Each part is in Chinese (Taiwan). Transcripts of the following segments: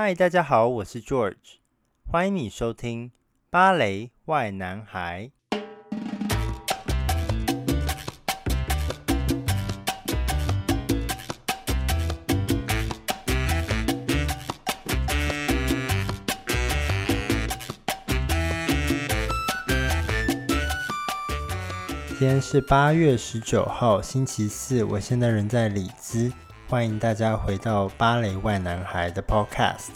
嗨，Hi, 大家好，我是 George，歡迎你收聽《芭蕾 why 男孩》。今天是八月十九號，星期四，我現在人在里茲。歡迎大家回到芭蕾 why 男孩的 Podcast。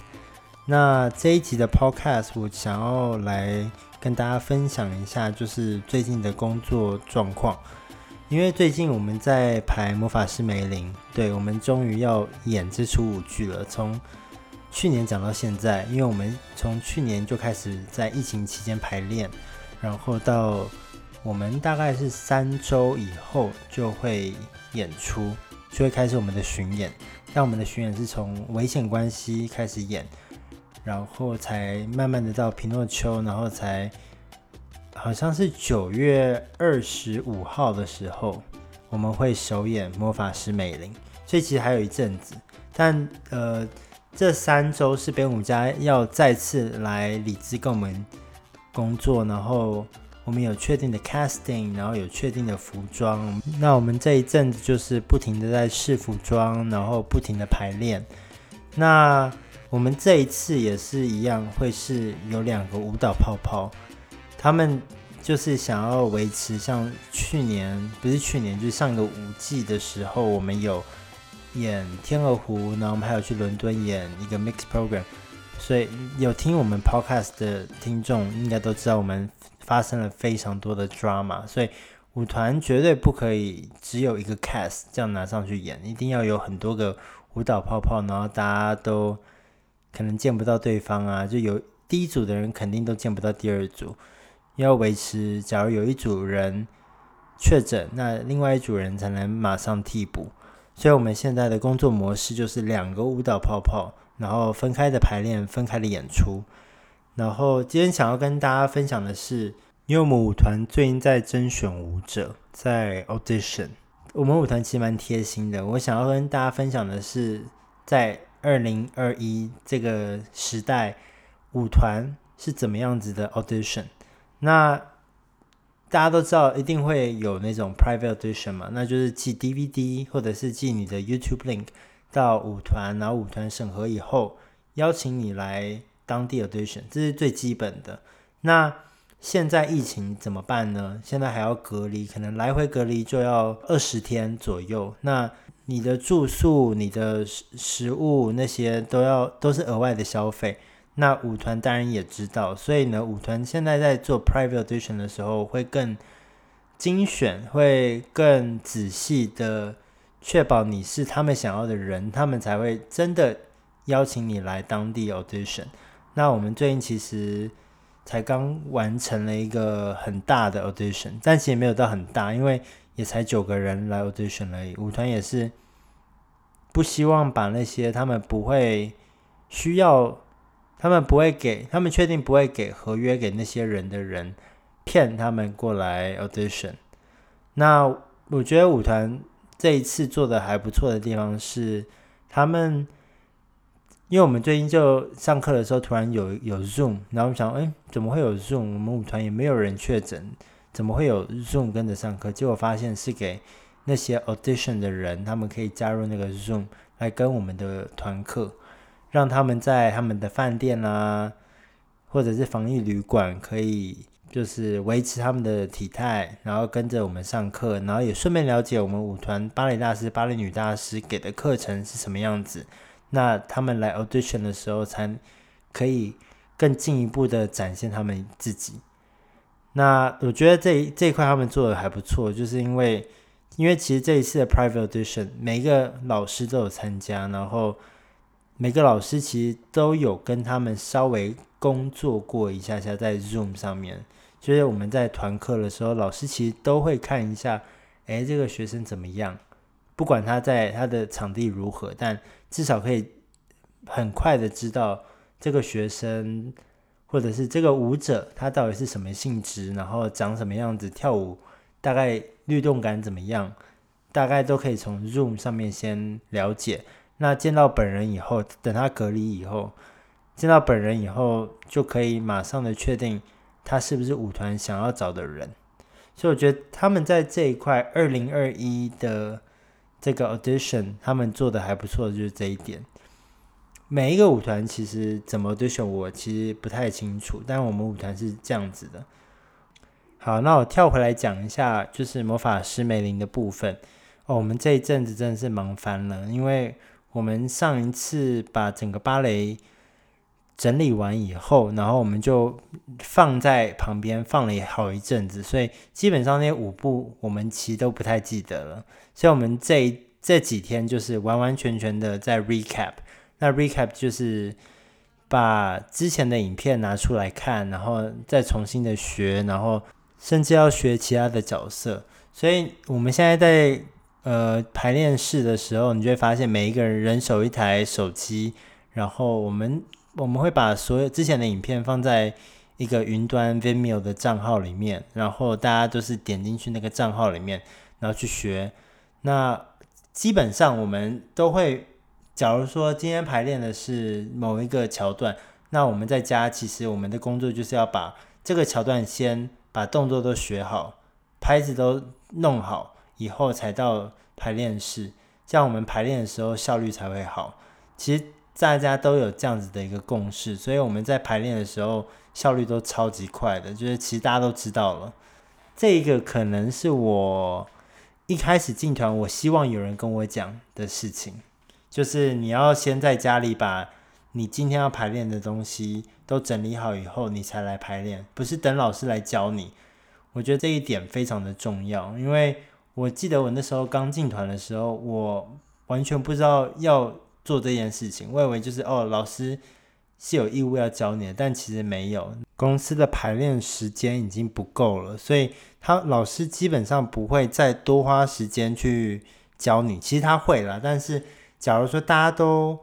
那這一集的 Podcast，我想要來跟大家分享一下，就是最近的工作狀況。因為最近我們在排《魔法師梅林》，對，我們終於要演這出舞劇了。從去年講到現在，因為我們從去年就開始在疫情期間排練，然後到我們大概是三周以後就會演出。就會開始我們的巡演，但我們的巡演是從《危險關係》開始演，然後才慢慢的到《皮諾丘》，然後才好像是九月二十五號的時候，我們會首演《魔法師梅林》，所以其實還有一陣子，但呃，這三周是編舞家要再次來理智跟我們工作，然後。我們有確定的 casting，然後有確定的服裝。那我們這一陣子就是不停的在試服裝，然後不停的排練。那我們這一次也是一樣，會是有兩個舞蹈泡泡，他們就是想要維持像去年，不是去年，就是上個舞季的時候，我們有演天鵝湖，然後我們還有去倫敦演一個 mixed program。所以有聽我們 podcast 的聽眾應該都知道我們。發生了非常多的 drama，所以舞團絕對不可以只有一個 cast 這樣拿上去演，一定要有很多個舞蹈泡泡，然後大家都可能見不到對方啊，就有第一組的人肯定都見不到第二組，要維持，假如有一組人確診，那另外一組人才能馬上替補，所以我們現在的工作模式就是兩個舞蹈泡泡，然後分開的排練，分開的演出。然後今天想要跟大家分享的是，因為我們舞團最近在甄選舞者，在 audition。我們舞團其實蠻貼心的。我想要跟大家分享的是，在二零二一這個時代，舞團是怎麼樣子的 audition。那大家都知道，一定會有那種 private audition 嘛，那就是寄 DVD 或者是寄你的 YouTube link 到舞團，然後舞團審核以後邀請你來。當地 audition 這是最基本的。那現在疫情怎麼辦呢？現在還要隔離，可能來回隔離就要二十天左右。那你的住宿、你的食食物那些都要都是額外的消費。那舞團當然也知道，所以呢，舞團現在在做 private audition 的時候會更精選，會更仔細的確保你是他們想要的人，他們才會真的邀請你來當地 audition。那我們最近其實才剛完成了一個很大的 audition，但其實也沒有到很大，因為也才九個人來 audition 而已。舞團也是不希望把那些他們不會需要、他們不會給他們確定不會給合約給那些人的人騙他們過來 audition。那我覺得舞團這一次做的還不錯的地方是，他們，因為我們最近就上課的時候，突然有有 Zoom，然後我們想，誒，怎麼會有 Zoom？我們舞團也沒有人確診，怎麼會有 Zoom 跟着上課？結果發現是給那些 audition 的人，他們可以加入那個 Zoom 來跟我們的團課，讓他們在他們的飯店啦、啊，或者是防疫旅館，可以就是維持他們的體態，然後跟着我們上課，然後也順便了解我們舞團芭蕾大師、芭蕾女大師給的課程是什麼樣子。那他們來 audition 的時候，才可以更進一步的展現他們自己。那我覺得這一這一塊他們做得還不錯，就是因為因為其實這一次的 private audition 每個老師都有參加，然後每個老師其實都有跟他們稍微工作過一下下在 zoom 上面。所以我們在團課的時候，老師其實都會看一下，哎，這個學生怎麼樣？不管他在他的場地如何，但至少可以很快的知道這個學生或者是這個舞者，他到底是什麼性質，然後長什麼樣子，跳舞大概律動感怎麼樣，大概都可以從 Zoom 上面先了解。那見到本人以後，等他隔離以後，見到本人以後就可以馬上的確定他是不是舞團想要找的人。所以我覺得他們在這一塊二零二一的。這個 audition 他們做的還不錯，就是這一點。每一個舞團其實怎麼 audition 我其實不太清楚，但我們舞團是這樣子的。好，那我跳回來講一下，就是魔法師梅林的部分。哦，我們這一陣子真的是忙翻了，因為我們上一次把整個芭蕾整理完以後，然後我們就放在旁邊放了好一陣子，所以基本上那舞步我們其實都不太記得了。所以我們這這幾天就是完完全全的在 recap。那 recap 就是把之前的影片拿出來看，然後再重新的學，然後甚至要學其他的角色。所以我們現在在呃排練室的時候，你就會發現每一個人人手一台手機，然後我們。我們會把所有之前的影片放在一個雲端 Vimeo 的賬號裡面，然後大家都是點進去那個賬號裡面，然後去學。那基本上我們都會，假如說今天排練的是某一個橋段，那我們在家其實我們的工作就是要把這個橋段先把動作都學好，拍子都弄好，以後才到排練室，這樣我們排練的時候效率才會好。其實。大家都有這樣子的一個共識，所以我們在排練的時候效率都超級快的。就是其實大家都知道了，這個可能是我一開始進團，我希望有人跟我講的事情，就是你要先在家裡把你今天要排練的東西都整理好以後，你才來排練，不是等老師來教你。我覺得這一點非常的重要，因為我記得我那時候剛進團的時候，我完全不知道要。做這件事情，我以為就是哦，老師是有義務要教你的，但其實沒有。公司的排練時間已經不夠了，所以他老師基本上不會再多花時間去教你。其實他會了，但是假如說大家都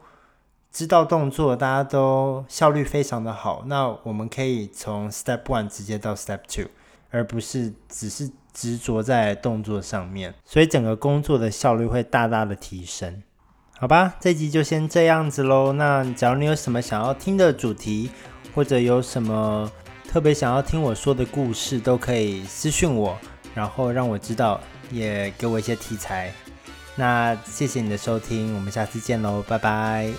知道動作，大家都效率非常的好，那我們可以從 step one 直接到 step two，而不是只是執着在動作上面，所以整個工作的效率會大大的提升。好吧，這集就先這樣子嘍。那假如你有什麼想要聽的主題，或者有什麼特別想要聽我說的故事，都可以私訊我，然後讓我知道，也給我一些題材。那謝謝你的收聽，我們下次見嘍，拜拜。